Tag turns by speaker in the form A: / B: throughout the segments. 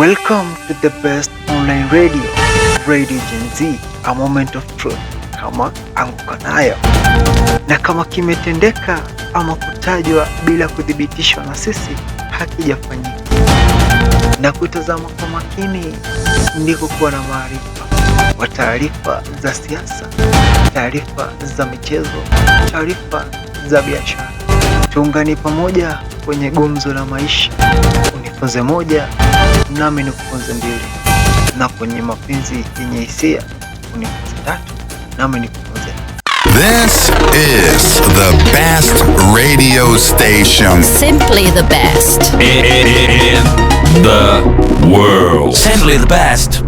A: Welcome to the best online radio, Radio Gen Z, a moment of truth. Kama anguka nayo na kama kimetendeka ama kutajwa bila kuthibitishwa na sisi, hakijafanyika na kutazama kwa makini ndiko kuwa na maarifa wa taarifa za siasa, taarifa za michezo, taarifa za biashara. Tuungane pamoja kwenye gumzo la maisha nikufunze moja, nami nikufunze mbili, na kwenye mapenzi yenye hisia unifunze tatu, nami nikufunze.
B: This is the best radio station.
C: Simply the best.
D: In the world.
C: Simply the best.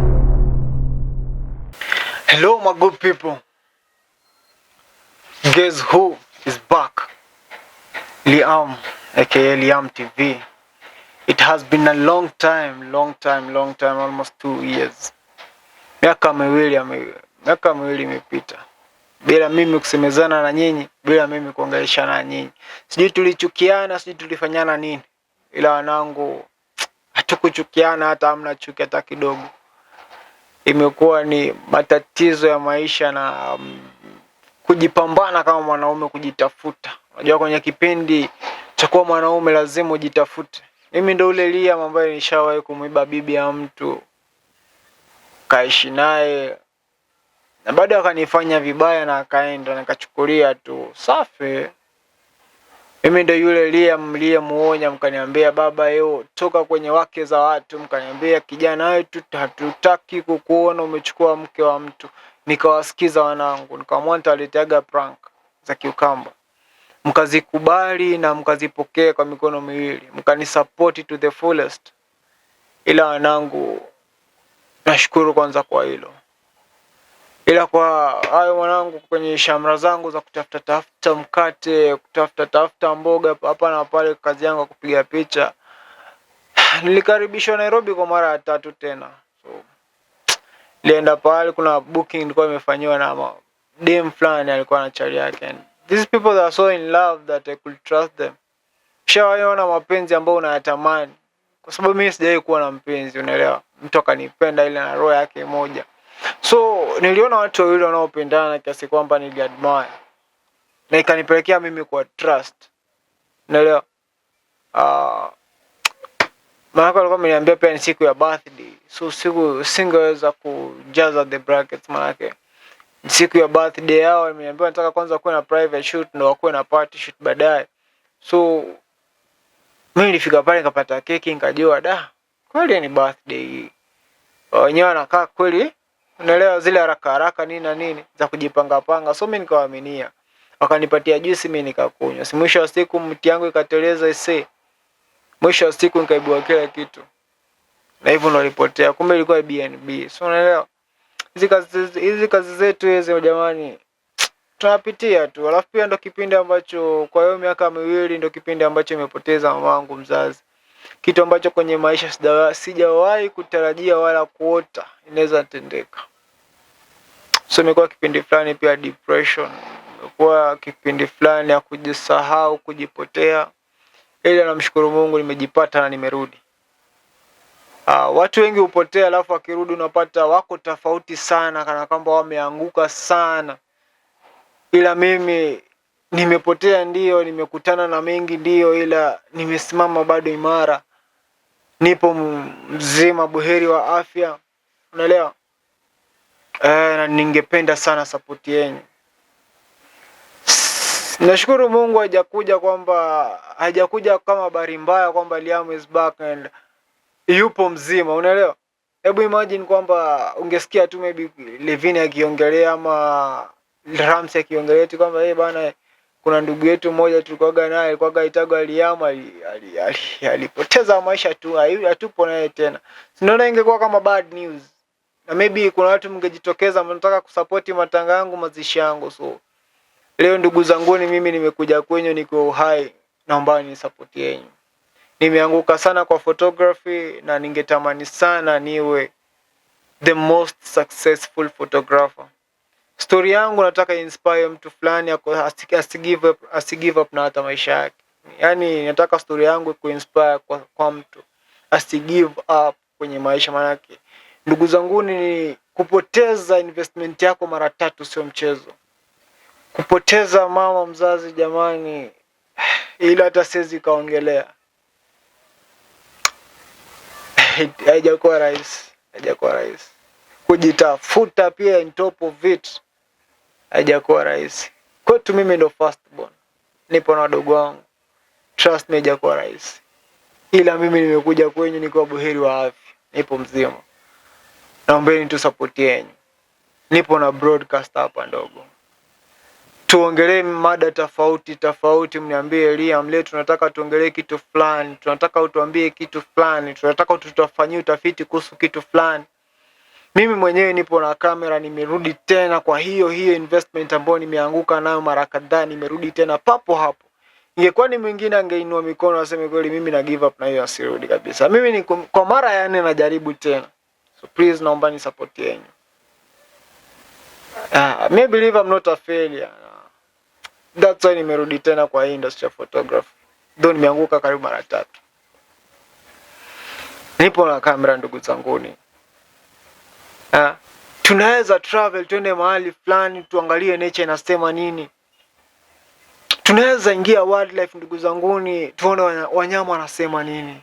A: Hello my good people. Guess who is back? Liam, aka Liam TV it has been a long time long time long time almost two years, miaka miwili miaka miwili imepita bila mimi kusemezana na nyinyi, bila mimi kuongeleshana na nyinyi. Sijui tulichukiana, sijui tulifanyana nini, ila wanangu, hatukuchukiana hata hamna chuki hata kidogo. Imekuwa ni matatizo ya maisha na um, kujipambana kama mwanaume, kujitafuta. Unajua, kwenye kipindi cha kuwa mwanaume lazima ujitafute. Mimi ndo ule Liam ambaye nishawahi kumuiba bibi ya mtu kaishi naye na bado akanifanya vibaya na akaenda, nikachukulia tu safi. Mimi ndo yule Liam mliyemuonya mkaniambia, baba yo toka kwenye wake za watu, mkaniambia kijana wetu hatutaki kukuona umechukua mke wa mtu. Nikawasikiza wanangu, nikaamua nitaletaga prank za kiukamba mkazikubali na mkazipokee kwa mikono miwili, mkanisapoti to the fullest. Ila wanangu, nashukuru kwanza kwa hilo. Ila kwa hayo mwanangu, kwenye shamra zangu za kutafuta tafuta mkate, kutafuta tafuta mboga hapa na pale, kazi yangu ya kupiga picha, nilikaribishwa Nairobi kwa mara ya tatu tena. So nilienda pale, kuna booking ilikuwa imefanyiwa na dem fulani, alikuwa na chali yake These people are so in love that I could trust them. Ushawaona mapenzi ambayo unayatamani? Kwa sababu mimi sijawahi kuwa na mpenzi, unaelewa, mtu akanipenda ile na roho yake moja. So niliona watu wawili wanaopendana kiasi kwamba admire na ikanipelekea mimi kwa trust, unaelewa. Uh, ah, maanake alikuwa ameniambia pia ni siku ya birthday, so siku singeweza kujaza the brackets maanake siku ya birthday yao nimeambiwa nataka kwanza kuwe na private shoot ndo wakuwe na party shoot baadaye. So mimi nilifika pale nikapata keki nikajua da kweli ni birthday. Wenyewe wanakaa kweli unaelewa zile haraka haraka nini na nini za kujipanga panga. So mimi nikawaaminia. Wakanipatia juisi mimi nikakunywa. Si mwisho wa siku mti yangu ikateleza ise. Mwisho wa siku nikaibua kila kitu. Na hivyo ndo nilipotea. Kumbe ilikuwa BNB. So unaelewa? hizi kazi hizi kazi zetu hizi oh, jamani, tunapitia tu. Alafu pia ndo kipindi ambacho, kwa hiyo miaka miwili ndo kipindi ambacho imepoteza mamangu mzazi, kitu ambacho kwenye maisha sijawahi kutarajia wala kuota inaweza tendeka. So imekuwa kipindi fulani pia depression, imekuwa kipindi fulani ya kujisahau, kujipotea, ila namshukuru Mungu nimejipata na nimerudi. Uh, watu wengi hupotea, alafu wakirudi unapata wako tofauti sana, kana kwamba wameanguka sana. Ila mimi nimepotea, ndiyo, nimekutana na mengi, ndiyo, ila nimesimama bado imara, nipo mzima buheri wa afya, unaelewa eh, na ningependa sana sapoti yenu. Nashukuru Mungu hajakuja kwamba hajakuja kama habari mbaya kwamba Liam is back and yupo mzima, unaelewa? Hebu imagine kwamba ungesikia tu maybe Levine akiongelea ama Ramsey akiongelea tu kwamba yeye bana kuna ndugu yetu mmoja tulikuwaga naye alikuwaga aitagwa aliyama alipoteza ali, ali, ali, maisha tu, hatupo naye tena. Sinaona ingekuwa kama bad news, na maybe kuna watu mngejitokeza mnataka kusapoti matanga yangu mazishi yangu. So leo ndugu zanguni, mimi nimekuja kwenyu, niko hai, naomba ni support yenu nimeanguka sana kwa photography na ningetamani sana niwe the most successful photographer. Story yangu nataka inspire mtu fulani asigive up, asigive up na hata maisha yake. Yaani nataka story yangu kuinspire kwa, kwa mtu asigive up kwenye maisha, manake ndugu zanguni, ni kupoteza investment yako mara tatu sio mchezo. Kupoteza mama mzazi, jamani, ila hata siwezi kaongelea haijakuwa rahisi, haijakuwa rahisi kujitafuta pia in top of it haijakuwa rahisi kwetu. Mimi ndo first born, nipo na wadogo wangu, trust me, haijakuwa rahisi, ila mimi nimekuja kwenyu nikiwa buheri wa afya, nipo mzima. Naombeni tu support yenu, nipo na broadcast hapa ndogo tuongelee mada tofauti tofauti, mniambie Liam, leo tunataka tuongelee kitu fulani, tunataka utuambie kitu fulani, tunataka tutafanyia utafiti kuhusu kitu fulani. Mimi mwenyewe nipo na kamera, nimerudi tena kwa hiyo hiyo investment ambayo nimeanguka nayo mara kadhaa, nimerudi tena papo hapo. Ingekuwa ni mwingine angeinua mikono aseme kweli, mimi na give up na hiyo, asirudi kabisa. Mimi ni kwa mara ya nne najaribu tena, so please, naomba ni support yenu. Ah, me believe I'm not a failure that's why nimerudi tena kwa hii industry ya photography, ndio nimeanguka karibu mara tatu. Nipo na kamera ndugu zanguni, ah, tunaweza travel twende mahali fulani tuangalie nature inasema nini. Tunaweza ingia wildlife ndugu zanguni, tuone wanyama wanasema nini.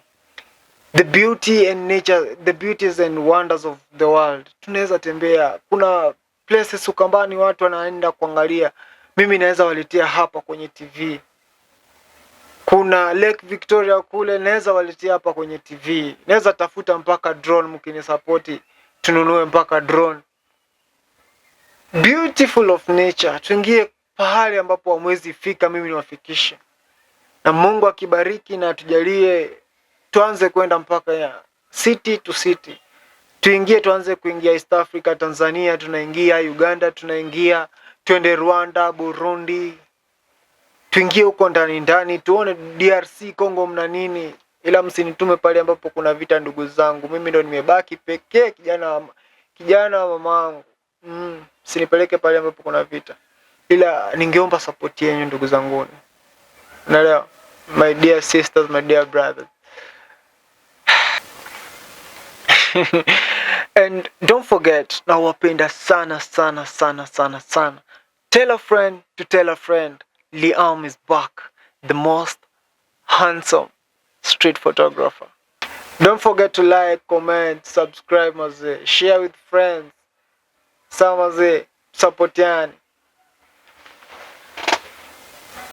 A: The beauty and nature, the beauties and wonders of the world. Tunaweza tembea, kuna places Ukambani watu wanaenda kuangalia mimi naweza waletea hapa kwenye TV. Kuna Lake Victoria kule, naweza waletea hapa kwenye TV. Naweza tafuta mpaka drone, mkinisapoti tununue mpaka drone. Beautiful of nature, tuingie pahali ambapo hamwezi fika, mimi niwafikishe, na Mungu akibariki na tujalie, tuanze kwenda mpaka ya city to city, tuingie, tuanze kuingia East Africa, Tanzania tunaingia, Uganda tunaingia twende Rwanda, Burundi, tuingie huko ndani ndani, tuone DRC Kongo mna nini, ila msinitume pale ambapo kuna vita, ndugu zangu. Mimi ndo nimebaki pekee, kijana kijana wa mamangu mm, sinipeleke pale ambapo kuna vita, ila ningeomba support yenu ndugu zangu, naelewa my dear sisters, my dear brothers and don't forget, nawapenda sana sana sana sana sana. Tell a friend to tell a friend, Liam is back, the most handsome street photographer. Don't forget to like, comment, subscribe, maze, share with friends. Sa maze, sapotiani.